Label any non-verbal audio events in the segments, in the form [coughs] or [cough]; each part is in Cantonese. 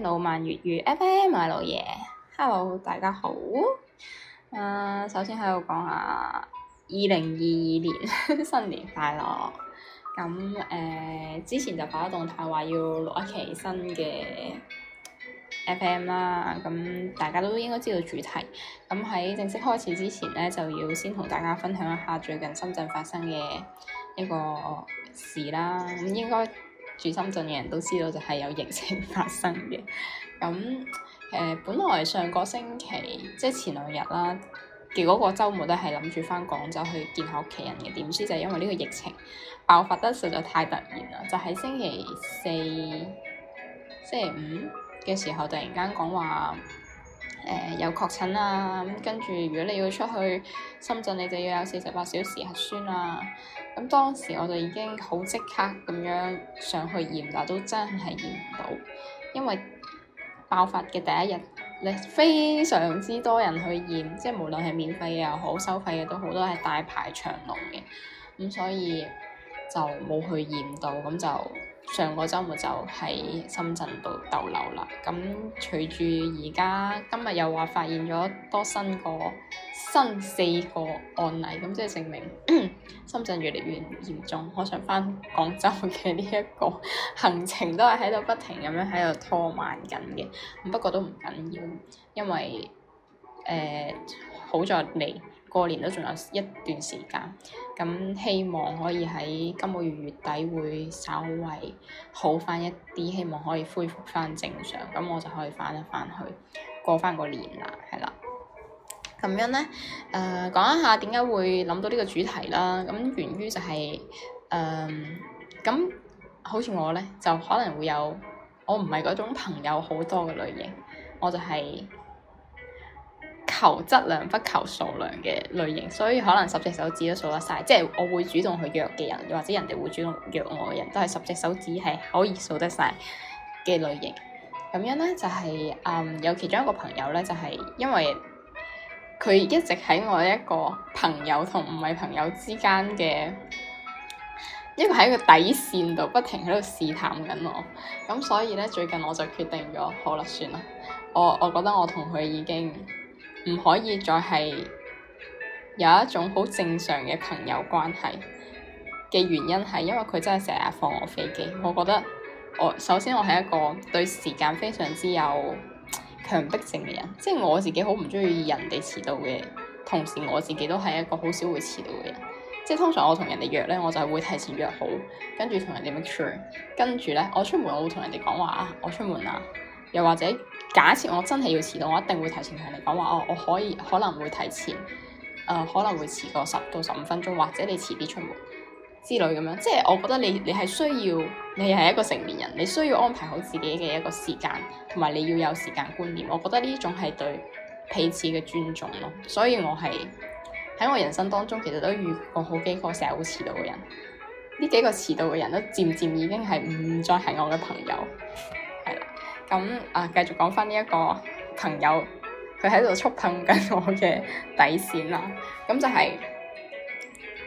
老慢粵語 FM 啊老爺，老爺，Hello，大家好。啊、uh，首先喺度講下二零二二年 [laughs] 新年快樂。咁誒，uh, 之前就發咗動態話要錄一期新嘅 FM 啦。咁大家都應該知道主題。咁喺正式開始之前呢，就要先同大家分享一下最近深圳發生嘅一個事啦。咁應該住深圳嘅人都知道，就係有疫情發生嘅。咁誒、呃，本來上個星期即係前兩日啦，結果個周末都係諗住翻廣州去見下屋企人嘅，點知就係因為呢個疫情爆發得實在太突然啦！就喺、是、星期四、星期五嘅時候，突然間講話，誒、呃，有確診啊，咁跟住如果你要出去深圳，你就要有四十八小時核酸啊。咁當時我就已經好即刻咁樣上去驗，但都真係驗唔到，因為爆發嘅第一日，你非常之多人去驗，即係無論係免費又好，收費嘅都好多係大排長龍嘅，咁所以就冇去驗到，咁就。上個週末就喺深圳度逗留啦，咁隨住而家今日又話發現咗多新個新四個案例，咁即係證明 [coughs] 深圳越嚟越嚴重。我想返廣州嘅呢一個行程都係喺度不停咁樣喺度拖慢緊嘅，不過都唔緊要，因為誒、呃、好在你。過年都仲有一段時間，咁希望可以喺今個月月底會稍微好翻一啲，希望可以恢復翻正常，咁我就可以翻一翻去過翻個年啦，係啦。咁樣咧，誒、呃、講一下點解會諗到呢個主題啦。咁源於就係誒咁，好似我咧就可能會有我唔係嗰種朋友好多嘅類型，我就係、是。求質量不求數量嘅類型，所以可能十隻手指都數得晒，即係我會主動去約嘅人，或者人哋會主動約我嘅人都係十隻手指係可以數得晒嘅類型。咁樣呢，就係，嗯，有其中一個朋友呢，就係因為佢一直喺我一個朋友同唔係朋友之間嘅一個喺個底線度不停喺度試探緊我，咁所以呢，最近我就決定咗，好啦，算啦，我我覺得我同佢已經。唔可以再係有一種好正常嘅朋友關係嘅原因係，因為佢真係成日放我飛機。我覺得我首先我係一個對時間非常之有強迫症嘅人，即係我自己好唔中意人哋遲到嘅，同時我自己都係一個好少會遲到嘅人。即係通常我同人哋約咧，我就會提前約好，跟住同人哋 make sure，跟住咧我出門我會同人哋講話啊，我出門啦，又或者。假設我真係要遲到，我一定會提前同你講話哦。我可以可能會提前，誒、呃、可能會遲個十到十五分鐘，或者你遲啲出門之類咁樣。即係我覺得你你係需要，你係一個成年人，你需要安排好自己嘅一個時間，同埋你要有時間觀念。我覺得呢種係對彼此嘅尊重咯。所以我係喺我人生當中其實都遇過好幾個成日好遲到嘅人，呢幾個遲到嘅人都漸漸已經係唔再係我嘅朋友。咁啊，繼續講返呢一個朋友，佢喺度觸碰緊我嘅底線啦。咁就係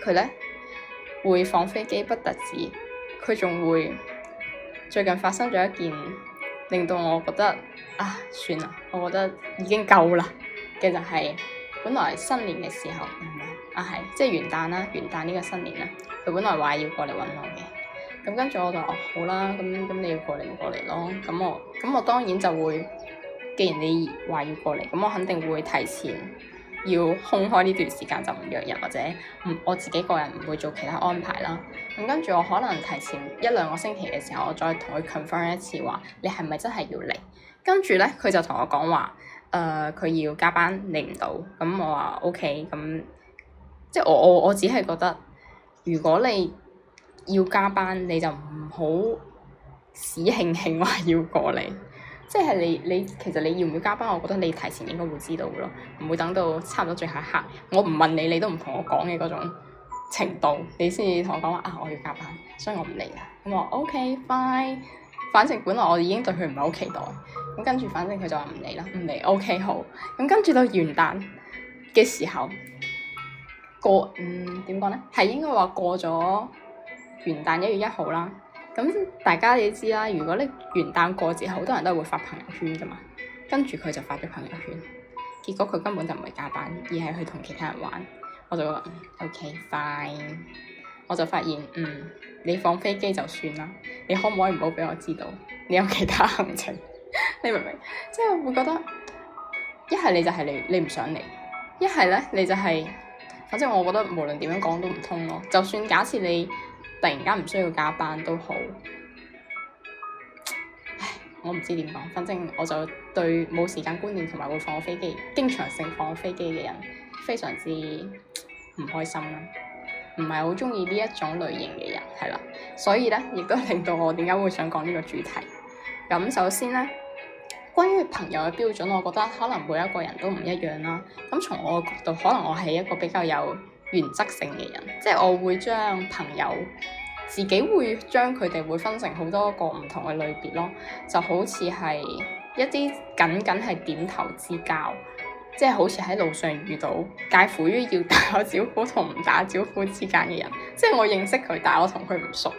佢呢會放飛機不得止，佢仲會最近發生咗一件令到我覺得啊，算啦，我覺得已經夠啦嘅就係，本來新年嘅時候，嗯、啊係，即係、就是、元旦啦，元旦呢個新年啦，佢本來話要過嚟搵我嘅。咁跟住我就哦好啦，咁咁你要過嚟咪過嚟咯。咁我咁我當然就會，既然你話要過嚟，咁我肯定會提前要空開呢段時間就唔約人或者我自己個人唔會做其他安排啦。咁跟住我可能提前一兩個星期嘅時候，我再同佢 confirm 一次話你係咪真係要嚟？呢跟住咧，佢就同我講話，誒、呃、佢要加班嚟唔到。咁我話 O K，咁即係我我我只係覺得如果你。要加班你就唔好死慶慶話要過嚟，即係你你其實你要唔要加班，我覺得你提前應該會知道咯，唔會等到差唔多最後一刻，我唔問你，你都唔同我講嘅嗰種程度，你先至同我講話啊，我要加班，所以我唔嚟啦。咁我 OK fine，反正本來我已經對佢唔係好期待，咁跟住反正佢就話唔嚟啦，唔嚟 OK 好。咁跟住到元旦嘅時候過，嗯，點講咧？係應該話過咗。元旦一月一號啦，咁大家你知啦。如果你元旦過節，好多人都係會發朋友圈噶嘛。跟住佢就發咗朋友圈，結果佢根本就唔係加班，而係去同其他人玩。我就話 OK fine，我就發現嗯，你放飛機就算啦，你可唔可以唔好俾我知道，你有其他行程？ [laughs] 你明唔明？即係會覺得一係你就係你，你唔想嚟；一係咧你就係、是，反正我覺得無論點樣講都唔通咯。就算假設你。突然間唔需要加班都好，唉，我唔知點講，反正我就對冇時間觀念同埋會放我飛機、經常性放我飛機嘅人非常之唔開心啦，唔係好鍾意呢一種類型嘅人，係啦，所以咧亦都令到我點解會想講呢個主題。咁、嗯、首先咧，關於朋友嘅標準，我覺得可能每一個人都唔一樣啦。咁、嗯、從我嘅角度，可能我係一個比較有。原則性嘅人，即係我會將朋友自己會將佢哋會分成好多個唔同嘅類別咯，就好似係一啲僅僅係點頭之交，即係好似喺路上遇到，介乎於要打招呼同唔打招呼之間嘅人，即係我認識佢，但係我同佢唔熟，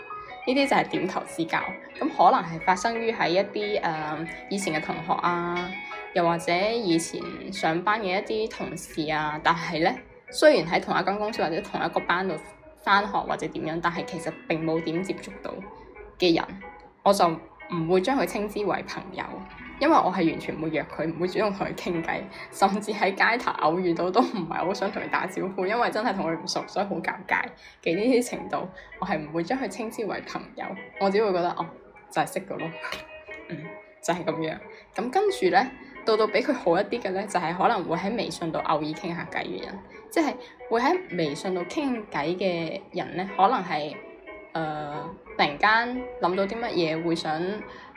呢啲就係點頭之交。咁可能係發生於喺一啲誒、呃、以前嘅同學啊，又或者以前上班嘅一啲同事啊，但係呢。雖然喺同一間公司或者同一個班度返學或者點樣，但係其實並冇點接觸到嘅人，我就唔會將佢稱之為朋友，因為我係完全唔會約佢，唔會主動同佢傾偈，甚至喺街頭偶遇到都唔係好想同佢打招呼，因為真係同佢唔熟，所以好尷尬嘅呢啲程度，我係唔會將佢稱之為朋友，我只會覺得哦，就係識嘅咯，嗯，就係咁樣。咁跟住咧。到到比佢好一啲嘅咧，就係、是、可能會喺微信度偶爾傾下偈嘅人，即係會喺微信度傾偈嘅人咧，可能係誒、呃、突然間諗到啲乜嘢會想誒、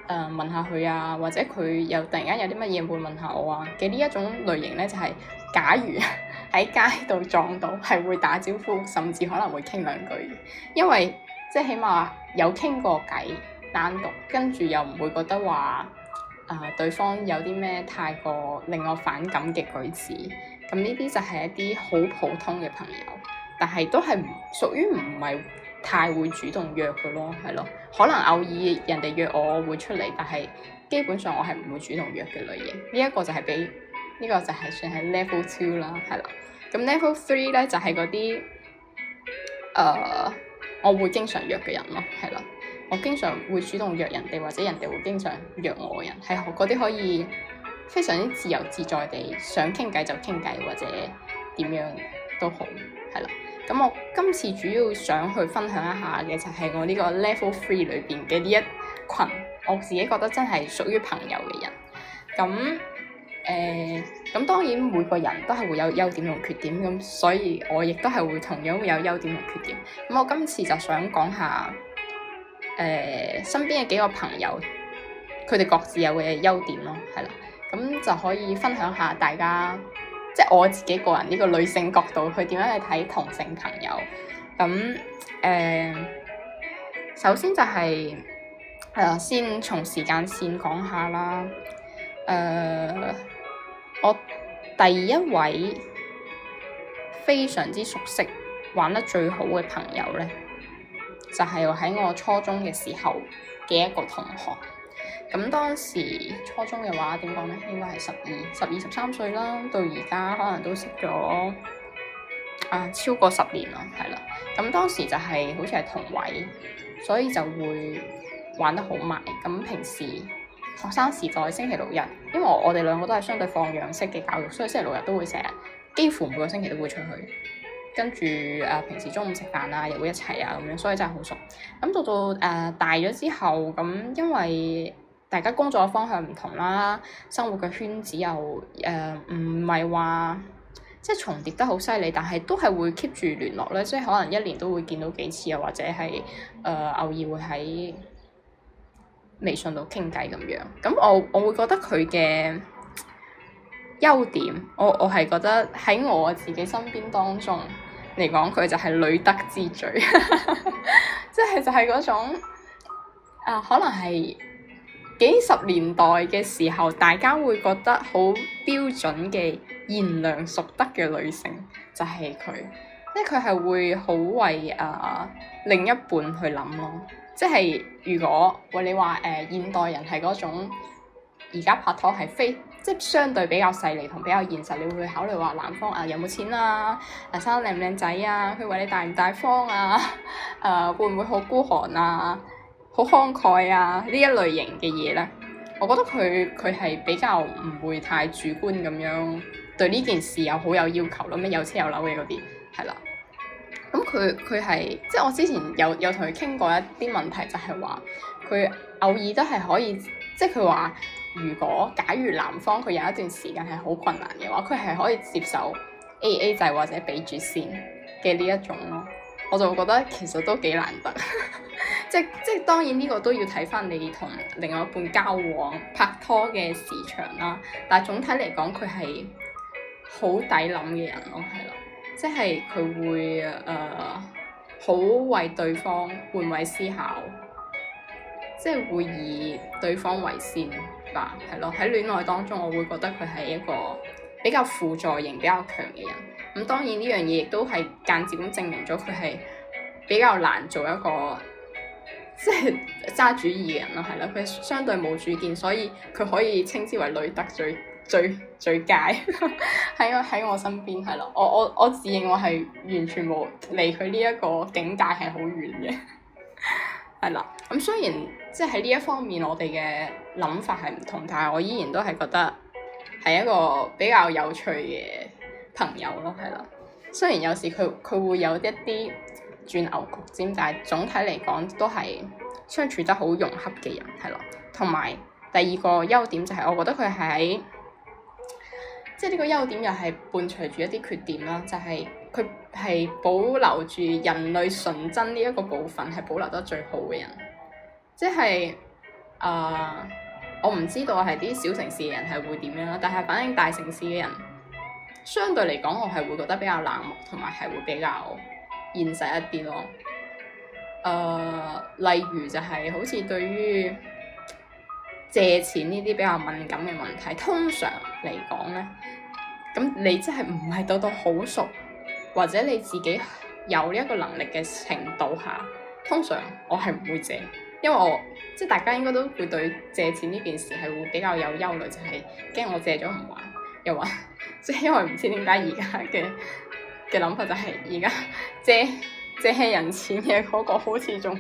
呃、問下佢啊，或者佢又突然間有啲乜嘢會問下我啊嘅呢一種類型咧，就係、是、假如喺街度撞到係會打招呼，甚至可能會傾兩句嘢，因為即係、就是、起碼有傾過偈單獨，跟住又唔會覺得話。誒、呃，對方有啲咩太過令我反感嘅舉止，咁呢啲就係一啲好普通嘅朋友，但係都係屬於唔係太會主動約嘅咯，係咯，可能偶爾人哋約我，我會出嚟，但係基本上我係唔會主動約嘅類型。呢、這、一個就係畀呢、這個就係算係 level two 啦，係啦。咁 level three 咧就係嗰啲誒，我會經常約嘅人咯，係啦。我經常會主動約人哋，或者人哋會經常約我嘅人，係嗰啲可以非常之自由自在地想傾偈就傾偈，或者點樣都好，係啦。咁我今次主要想去分享一下嘅就係我呢個 level three 裏邊嘅呢一群，我自己覺得真係屬於朋友嘅人。咁誒，咁、呃、當然每個人都係會有優點同缺點咁，所以我亦都係會同樣會有優點同缺點。咁我今次就想講下。誒、呃、身邊嘅幾個朋友，佢哋各自有嘅優點咯，係啦，咁就可以分享下大家，即係我自己個人呢個女性角度，佢點樣去睇同性朋友。咁誒、呃，首先就係、是、誒、呃、先從時間線講下啦。誒、呃，我第一位非常之熟悉、玩得最好嘅朋友咧。就係喺我，我初中嘅時候嘅一個同學，咁當時初中嘅話點講呢？應該係十二、十二、十三歲啦，到而家可能都識咗啊超過十年啦，係啦。咁當時就係、係、好似係同位，所以就會玩得好埋。咁平時學生時代星期六日，因為我我哋兩個都係相對放養式嘅教育，所以星期六日都會成日，幾乎每個星期都會出去。跟住誒、呃，平時中午食飯啊，又會一齊啊，咁樣，所以真係好熟。咁、嗯、到到誒、呃、大咗之後，咁、嗯、因為大家工作嘅方向唔同啦，生活嘅圈子又誒唔係話即係重疊得好犀利，但係都係會 keep 住聯絡咧，即係可能一年都會見到幾次，又或者係誒、呃、偶爾會喺微信度傾偈咁樣。咁、嗯、我我會覺得佢嘅優點，我我係覺得喺我自己身邊當中。嚟講，佢就係女德之最，即 [laughs] 係就係嗰種、呃、可能係幾十年代嘅時候，大家會覺得好標準嘅賢良淑德嘅女性，就係、是、佢，即係佢係會好為啊、呃、另一半去諗咯。即、就、係、是、如果話、呃、你話誒、呃、現代人係嗰種而家拍拖係非。即係相對比較細膩同比較現實，你會考慮話男方啊有冇錢啦？啊，有有啊，啊生得靚唔靚仔啊？佢為你大唔大方啊？誒、啊、會唔會好孤寒啊？好慷慨啊？呢一類型嘅嘢咧，我覺得佢佢係比較唔會太主觀咁樣對呢件事有好有要求咯。咩有車有樓嘅嗰啲係啦。咁佢佢係即係我之前有有同佢傾過一啲問題，就係話佢偶爾都係可以，即係佢話。如果假如男方佢有一段時間係好困難嘅話，佢係可以接受 AA 制或者俾住先嘅呢一種咯，我就覺得其實都幾難得 [laughs] 即。即即當然呢個都要睇返你同另外一半交往拍拖嘅時長啦。但係總體嚟講，佢係好抵諗嘅人咯，係啦，即係佢會誒、呃、好為對方換位思考，即係會以對方為先。係咯，喺戀愛當中我會覺得佢係一個比較輔助型比較強嘅人。咁、嗯、當然呢樣嘢亦都係間接咁證明咗佢係比較難做一個即係揸主意嘅人咯，係啦。佢相對冇主見，所以佢可以稱之為女德最最最佳，喺我喺我身邊係咯。我我我自認我係完全冇離佢呢一個境界係好遠嘅。係 [laughs] 啦，咁雖然。即係喺呢一方面，我哋嘅諗法係唔同，但係我依然都係覺得係一個比較有趣嘅朋友咯，係啦。雖然有時佢佢會有一啲鑽牛角尖，但係總體嚟講都係相處得好融洽嘅人，係咯。同埋第二個優點就係，我覺得佢喺即係呢個優點又係伴隨住一啲缺點啦，就係佢係保留住人類純真呢一個部分，係保留得最好嘅人。即係，誒、呃，我唔知道係啲小城市嘅人係會點樣啦，但係反正大城市嘅人，相對嚟講，我係會覺得比較冷漠同埋係會比較現實一啲咯。誒、呃，例如就係好似對於借錢呢啲比較敏感嘅問題，通常嚟講咧，咁你真係唔係到到好熟，或者你自己有呢一個能力嘅程度下，通常我係唔會借。因為我即係大家應該都會對借錢呢件事係會比較有憂慮，就係驚我借咗唔還，又話即係因為唔知點解而家嘅嘅諗法，就係而家借借人錢嘅嗰個，好似仲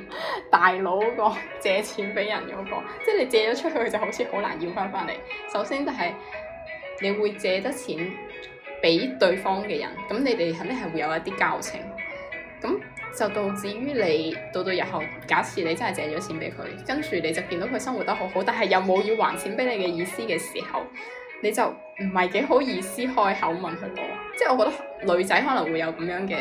大佬個借錢俾人嗰個，即係你借咗出去就好似好難要翻翻嚟。首先就係你會借得錢俾對方嘅人，咁你哋肯定係會有一啲交情，咁。就導致於你到到日後，假設你真係借咗錢俾佢，跟住你就見到佢生活得好好，但係又冇要還錢俾你嘅意思嘅時候，你就唔係幾好意思開口問佢攞。即係我覺得女仔可能會有咁樣嘅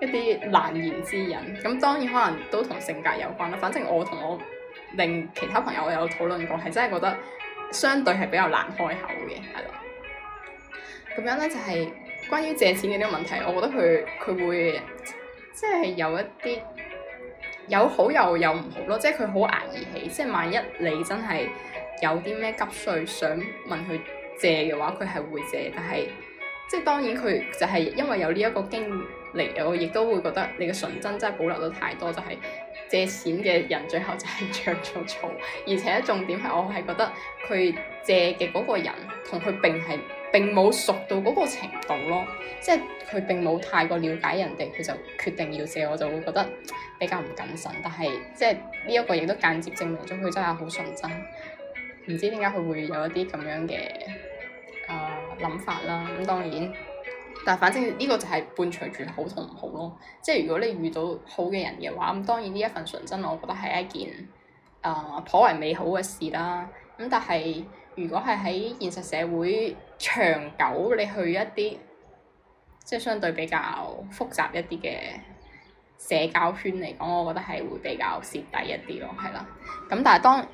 一啲難言之隱。咁當然可能都同性格有關啦。反正我同我令其他朋友有討論過，係真係覺得相對係比較難開口嘅，係咯。咁樣呢就係、是、關於借錢嘅呢個問題，我覺得佢佢會。即係有一啲有好又有唔好咯，即係佢好牙義氣。即係萬一你真係有啲咩急需想問佢借嘅話，佢係會借。但係即係當然佢就係因為有呢一個經歷，我亦都會覺得你嘅純真真係保留咗太多。就係、是、借錢嘅人最後就係着咗草，而且重點係我係覺得佢借嘅嗰個人同佢並係。並冇熟到嗰個程度咯，即係佢並冇太過了解人哋，佢就決定要借，我就會覺得比較唔謹慎。但係即係呢一個亦都間接證明咗佢真係好純真。唔知點解佢會有一啲咁樣嘅啊諗法啦。咁、嗯、當然，但係反正呢個就係伴隨住好同唔好咯。即係如果你遇到好嘅人嘅話，咁、嗯、當然呢一份純真，我覺得係一件啊、呃、頗為美好嘅事啦。咁、嗯、但係，如果係喺現實社會長久，你去一啲即係相對比較複雜一啲嘅社交圈嚟講，我覺得係會比較蝕底一啲咯，係啦。咁但係當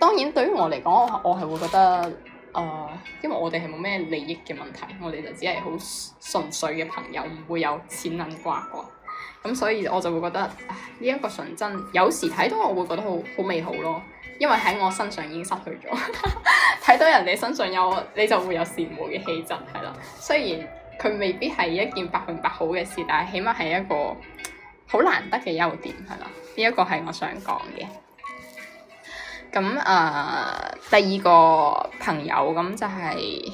當然對於我嚟講，我係會覺得誒、呃，因為我哋係冇咩利益嘅問題，我哋就只係好純粹嘅朋友，唔會有錢銀瓜葛。咁所以我就會覺得呢一、呢個純真，有時睇到我會覺得好好美好咯。因為喺我身上已經失去咗，睇到人哋身上有，你就會有羨慕嘅氣質，係啦。雖然佢未必係一件百分百好嘅事，但係起碼係一個好難得嘅優點，係啦。呢、這、一個係我想講嘅。咁誒、呃，第二個朋友咁就係、是，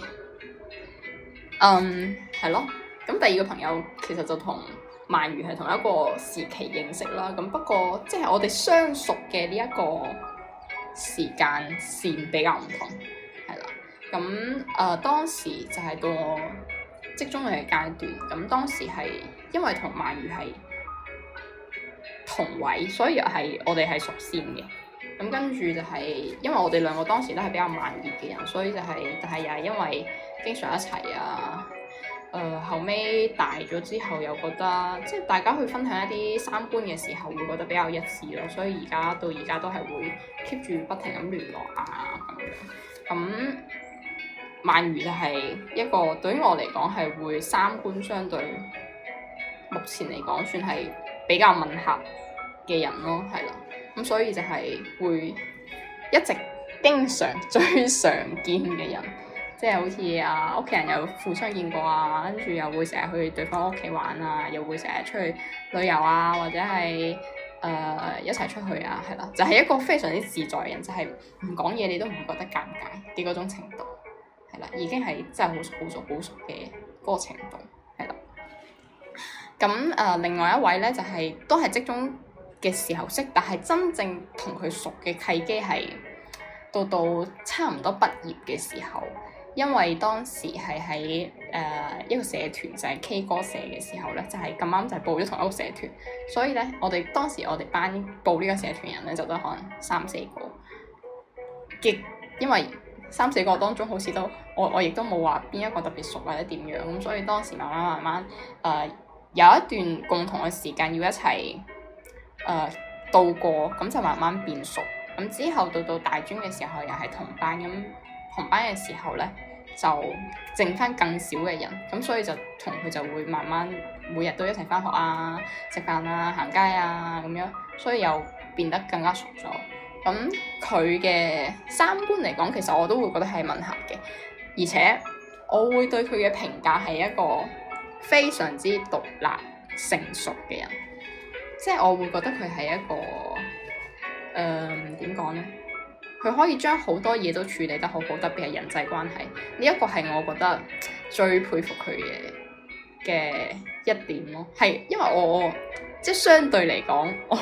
嗯，係咯。咁第二個朋友其實就同曼如係同一個時期認識啦。咁不過即係、就是、我哋相熟嘅呢一個。時間線比較唔同，係啦，咁誒、呃、當時就係個職中嘅階段，咁當時係因為同曼馀係同位，所以又係我哋係熟先嘅，咁跟住就係因為我哋兩個當時都係比較慢熱嘅人，所以就係、係，但係又係因為經常一齊啊。誒、呃、後尾大咗之後，又覺得即係大家去分享一啲三觀嘅時候，會覺得比較一致咯。所以而家到而家都係會 keep 住不停咁聯絡啊咁樣。咁曼如就係一個對於我嚟講係會三觀相對，目前嚟講算係比較吻合嘅人咯，係啦。咁、嗯、所以就係會一直經常最常見嘅人。即係好似啊，屋企人又互相見過啊，跟住又會成日去對方屋企玩啊，又會成日出去旅遊啊，或者係誒、呃、一齊出去啊，係啦，就係、是、一個非常之自在嘅人，就係唔講嘢你都唔覺得尷尬嘅嗰種程度，係啦，已經係真係好熟、好熟、好熟嘅嗰個程度，係啦。咁誒、呃，另外一位咧就係、是、都係職中嘅時候識，但係真正同佢熟嘅契機係到到差唔多畢業嘅時候。因為當時係喺誒一個社團，就係、是、K 歌社嘅時候咧，就係咁啱就係報咗同一個社團，所以咧我哋當時我哋班報呢個社團人咧，就得可能三四個，極因為三四個當中好似都我我亦都冇話邊一個特別熟或者點樣，咁所以當時慢慢慢慢誒、呃、有一段共同嘅時間要一齊誒、呃、度過，咁就慢慢變熟，咁之後到到大專嘅時候又係同班咁。紅班嘅時候咧，就剩翻更少嘅人，咁所以就同佢就會慢慢每日都一齊翻學啊、食飯啊、行街啊咁樣，所以又變得更加熟咗。咁佢嘅三觀嚟講，其實我都會覺得係吻合嘅，而且我會對佢嘅評價係一個非常之獨立成熟嘅人，即係我會覺得佢係一個誒點講咧？呃佢可以將好多嘢都處理得好好，特別係人際關係，呢、這、一個係我覺得最佩服佢嘅嘅一點咯、哦。係因為我，我即係相對嚟講，我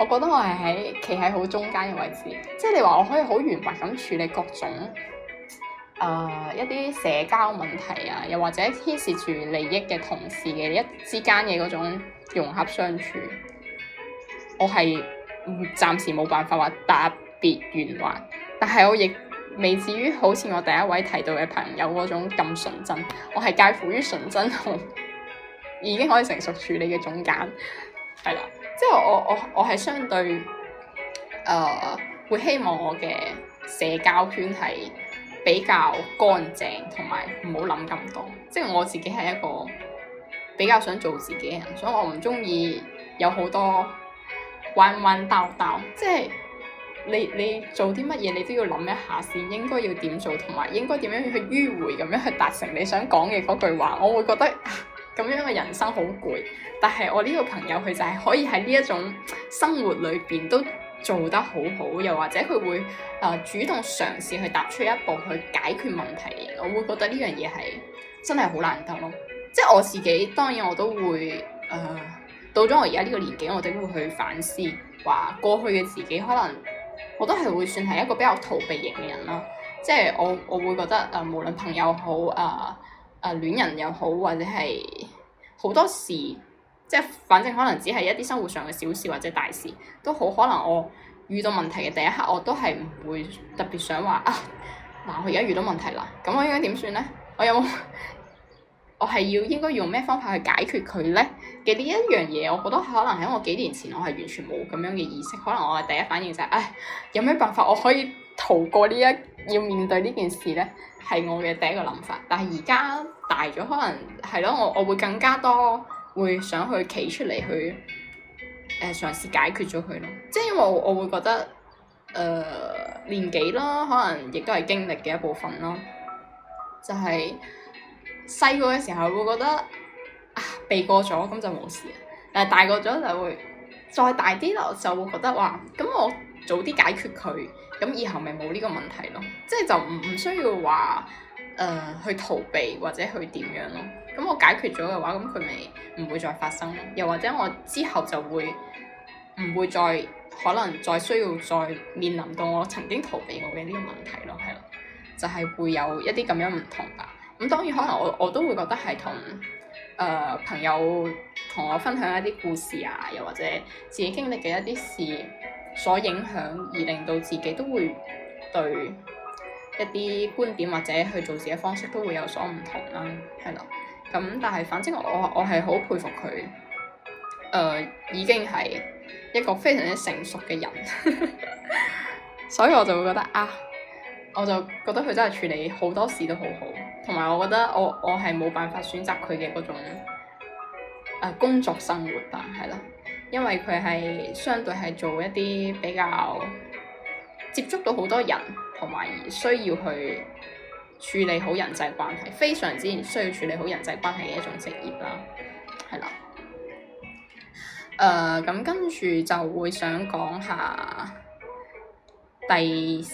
我覺得我係喺企喺好中間嘅位置，即係你話我可以好圓滑咁處理各種誒、呃、一啲社交問題啊，又或者牽涉住利益嘅同事嘅一之間嘅嗰種融合相處，我係暫時冇辦法話答。別圓滑，但係我亦未至於好似我第一位提到嘅朋友嗰種咁純真，我係介乎於純真同 [laughs] 已經可以成熟處理嘅中間，係啦，即係我我我係相對誒、呃、會希望我嘅社交圈係比較乾淨，同埋唔好諗咁多，即係我自己係一個比較想做自己嘅人，所以我唔中意有好多彎彎道道，即係。你你做啲乜嘢，你都要諗一下先，應該要點做，同埋應該點樣去迂回咁樣去達成你想講嘅嗰句話。我會覺得啊，咁樣嘅人生好攰，但係我呢個朋友佢就係可以喺呢一種生活裏邊都做得好好，又或者佢會啊、呃、主動嘗試去踏出一步去解決問題。我會覺得呢樣嘢係真係好難得咯。即係我自己，當然我都會誒、呃、到咗我而家呢個年紀，我都會去反思話過去嘅自己可能。我都係會算係一個比較逃避型嘅人啦，即係我我會覺得誒、呃，無論朋友好啊，誒、呃、戀人又好，或者係好多事，即係反正可能只係一啲生活上嘅小事或者大事，都好可能我遇到問題嘅第一刻，我都係唔會特別想話啊，嗱、啊、我而家遇到問題啦，咁我應該點算咧？我有冇？我係要應該用咩方法去解決佢咧？嘅呢一樣嘢，我覺得可能喺我幾年前我係完全冇咁樣嘅意識，可能我嘅第一反應就係、是，唉，有咩辦法我可以逃過呢一要面對呢件事呢，係我嘅第一個諗法。但係而家大咗，可能係咯，我我會更加多會想去企出嚟去誒嘗試解決咗佢咯。即係因為我，我會覺得誒、呃、年紀啦，可能亦都係經歷嘅一部分咯。就係細個嘅時候會覺得。啊、避過咗咁，就冇事。但係大個咗就會再大啲咯，就會覺得話咁我早啲解決佢，咁以後咪冇呢個問題咯。即係就唔唔需要話誒、呃、去逃避或者去點樣咯。咁我解決咗嘅話，咁佢咪唔會再發生咯。又或者我之後就會唔會再可能再需要再面臨到我曾經逃避過嘅呢個問題咯，係咯，就係、是、會有一啲咁樣唔同吧。咁當然可能我我都會覺得係同。誒、呃、朋友同我分享一啲故事啊，又或者自己經歷嘅一啲事所影響，而令到自己都會對一啲觀點或者去做自己方式都會有所唔同啦，係咯。咁、嗯、但係反正我我係好佩服佢，誒、呃、已經係一個非常之成熟嘅人， [laughs] 所以我就會覺得啊，我就覺得佢真係處理好多事都好好。同埋我覺得我我係冇辦法選擇佢嘅嗰種、呃、工作生活啊，係啦，因為佢係相對係做一啲比較接觸到好多人，同埋需要去處理好人際關係，非常之需要處理好人際關係嘅一種職業啦，係啦。誒咁跟住就會想講下第。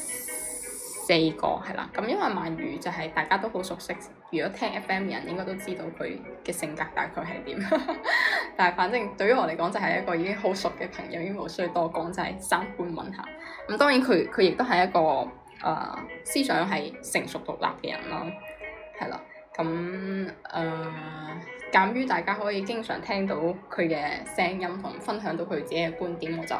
四、這個係啦，咁因為鰻魚就係、是，大家都好熟悉，如果聽 FM 嘅人應該都知道佢嘅性格大概係點。 [laughs] 但係反正對於我嚟講就係一個已經好熟嘅朋友，已經無需要多講，就係三觀吻合。咁、嗯、當然佢佢亦都係一個誒、呃、思想係成熟獨立嘅人咯，係啦。咁、嗯、誒，鑑、呃、於大家可以經常聽到佢嘅聲音同分享到佢自己嘅觀點，我就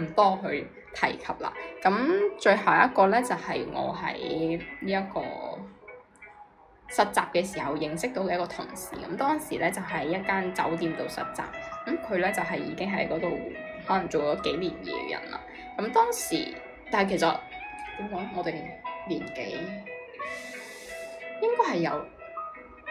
唔多去。提及啦，咁最後一個咧就係我喺呢一個實習嘅時候認識到嘅一個同事，咁當時咧就喺一間酒店度實習，咁佢咧就係已經喺嗰度可能做咗幾年嘢人啦，咁當時但係其實點講我哋年紀應該係有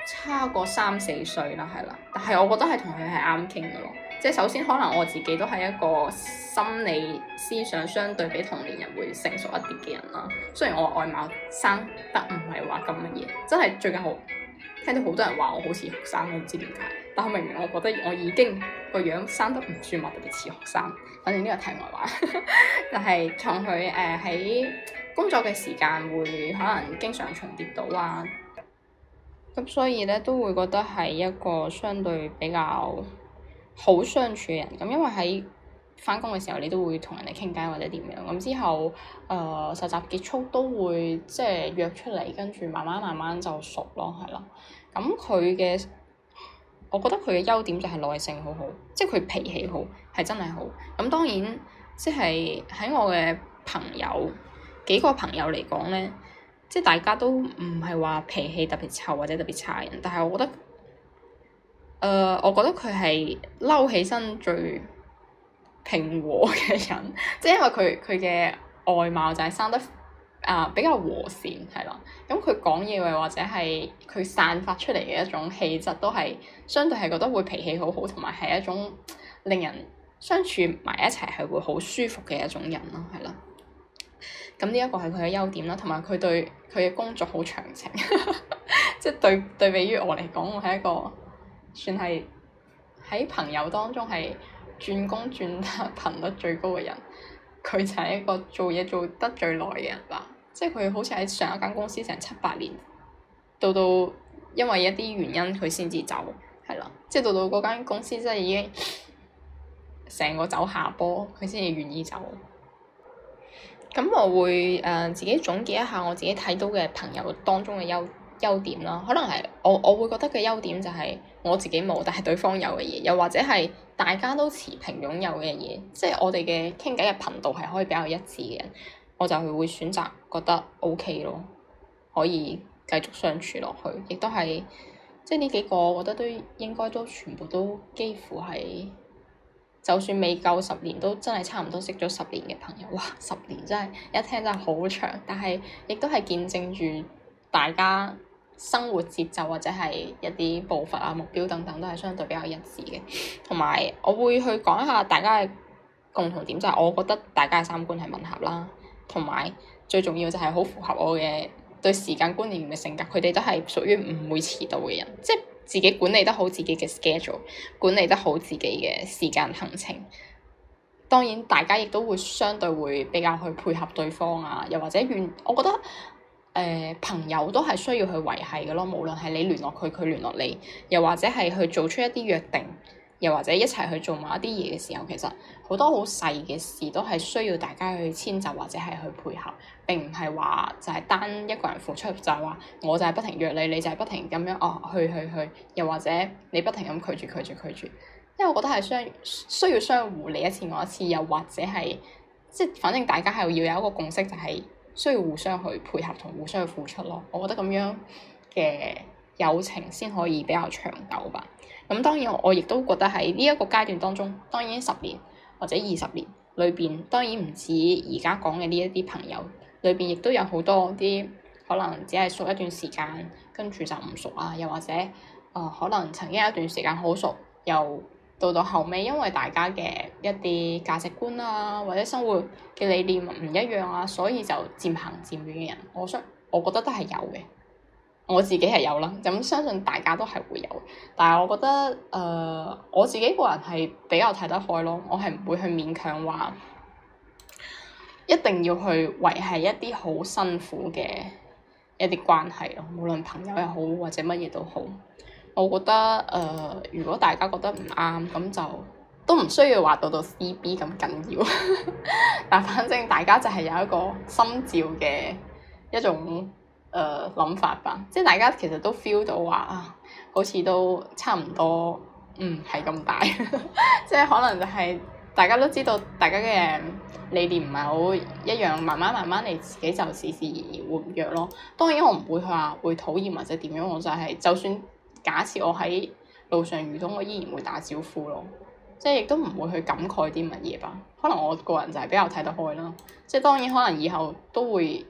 差過三四歲啦，係啦，但係我覺得係同佢係啱傾嘅咯。即係首先，可能我自己都係一個心理思想相對比同年人會成熟一啲嘅人啦。雖然我外貌生得唔係話咁乜嘢。真係最近好聽到好多人話我好似學生，唔知點解。但係明明我覺得我已經，我已經個樣生得唔算話特別似學生。反正呢個題外話， [laughs] 但係從佢誒喺工作嘅時間會可能經常重疊到啊，咁所以咧都會覺得係一個相對比較。好相處嘅人，咁因為喺返工嘅時候，你都會同人哋傾偈或者點樣，咁之後，誒、呃、實習結束都會即係約出嚟，跟住慢慢慢慢就熟咯，係咯。咁佢嘅，我覺得佢嘅優點就係耐性好好，即係佢脾氣好，係真係好。咁當然，即係喺我嘅朋友幾個朋友嚟講咧，即係大家都唔係話脾氣特別臭或者特別差嘅人，但係我覺得。Uh, 我覺得佢係嬲起身最平和嘅人，即 [laughs] 係因為佢佢嘅外貌就係生得、uh, 比較和善，係咯。咁佢講嘢或者係佢散發出嚟嘅一種氣質，都係相對係覺得會脾氣好好，同埋係一種令人相處埋一齊係會好舒服嘅一種人咯，係咯。咁呢 [laughs] 一個係佢嘅優點啦，同埋佢對佢嘅工作好長情，即係對對比於我嚟講，我係一個。算係喺朋友當中係轉工轉得頻率最高嘅人，佢就係一個做嘢做得最耐嘅人啦。即係佢好似喺上一間公司成七八年，到到因為一啲原因佢先至走，係咯。即係到到嗰間公司即係已經成個走下坡，佢先至願意走。咁我會誒、呃、自己總結一下我自己睇到嘅朋友當中嘅優點。優點啦，可能係我我會覺得嘅優點就係我自己冇，但係對方有嘅嘢，又或者係大家都持平擁有嘅嘢，即係我哋嘅傾偈嘅頻道係可以比較一致嘅，我就會選擇覺得 OK 咯，可以繼續相處落去，亦都係即係呢幾個我覺得都應該都全部都幾乎係就算未夠十年都真係差唔多識咗十年嘅朋友，哇！十年真係一聽真係好長，但係亦都係見證住大家。生活節奏或者係一啲步伐啊、目標等等都係相對比較一致嘅，同埋我會去講一下大家共同點，就係我覺得大家嘅三觀係吻合啦，同埋最重要就係好符合我嘅對時間觀念嘅性格，佢哋都係屬於唔會遲到嘅人，即係自己管理得好自己嘅 schedule，管理得好自己嘅時間行程。當然，大家亦都會相對會比較去配合對方啊，又或者願我覺得。呃、朋友都係需要去維繫嘅咯，無論係你聯絡佢，佢聯絡你，又或者係去做出一啲約定，又或者一齊去做某一啲嘢嘅時候，其實好多好細嘅事都係需要大家去遷就或者係去配合，並唔係話就係單一個人付出，就係、是、話我就係不停約你，你就係不停咁樣哦去去去，去，又或者你不停咁拒絕拒絕拒絕，因為我覺得係相需要相互你一次我一次，又或者係即係反正大家係要有一個共識、就是，就係。需要互相去配合同互相去付出咯，我覺得咁樣嘅友情先可以比較長久吧。咁當然我亦都覺得喺呢一個階段當中，當然十年或者二十年裏邊，當然唔止而家講嘅呢一啲朋友裏邊，亦都有好多啲可能只係熟一段時間，跟住就唔熟啊，又或者啊、呃，可能曾經有一段時間好熟又。到到後尾，因為大家嘅一啲價值觀啊，或者生活嘅理念唔一樣啊，所以就漸行漸遠嘅人，我想我覺得都係有嘅。我自己係有啦，咁相信大家都係會有。但係我覺得，誒、呃、我自己個人係比較睇得開咯，我係唔會去勉強話，一定要去維繫一啲好辛苦嘅一啲關係咯，無論朋友又好或者乜嘢都好。我覺得誒、呃，如果大家覺得唔啱，咁就都唔需要話到到 C B 咁緊要。但， [laughs] 反正大家就係有一個心照嘅一種誒諗、呃、法吧。即係大家其實都 feel 到話啊，好似都差唔多，嗯，係咁大。 [laughs] 即係可能就係大家都知道，大家嘅理念唔係好一樣，慢慢慢慢你自己就時時然然緩咯。當然我唔會話會討厭或者點樣，我就係、是、就算。假設我喺路上遇到，我依然會打招呼咯，即係亦都唔會去感慨啲乜嘢吧。可能我個人就係比較睇得開啦。即係當然，可能以後都會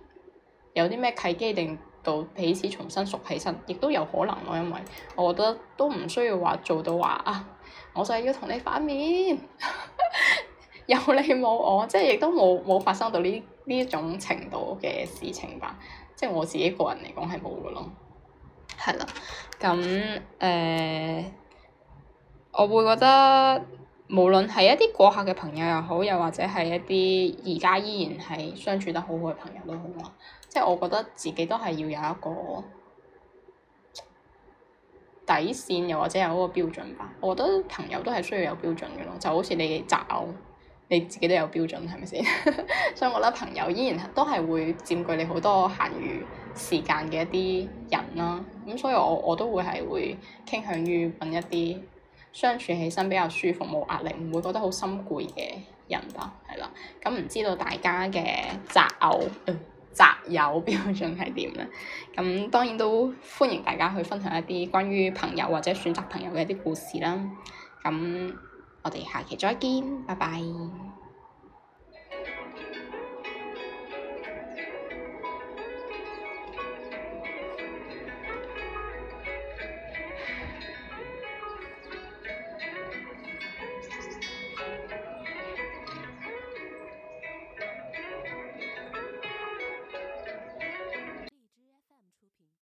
有啲咩契機，定到彼此重新熟起身，亦都有可能咯。因為我覺得都唔需要話做到話啊，我就係要同你反面， [laughs] 由你有你冇我，即係亦都冇冇發生到呢呢種程度嘅事情吧。即係我自己個人嚟講係冇噶咯。係啦，咁誒、呃，我會覺得無論係一啲過客嘅朋友又好，又或者係一啲而家依然係相處得好好嘅朋友都好啊，即係我覺得自己都係要有一個底線，又或者有一個標準吧。我覺得朋友都係需要有標準嘅咯，就好似你嘅擇偶，你自己都有標準係咪先？ [laughs] 所以我覺得朋友依然都係會佔據你好多閒餘。時間嘅一啲人啦、啊，咁所以我我都會係會傾向於揾一啲相處起身比較舒服、冇壓力、唔會覺得好心攰嘅人咯、啊，係咯。咁唔知道大家嘅擇偶、擇、呃、擇友標準係點咧？咁當然都歡迎大家去分享一啲關於朋友或者選擇朋友嘅一啲故事啦。咁我哋下期再見，拜拜。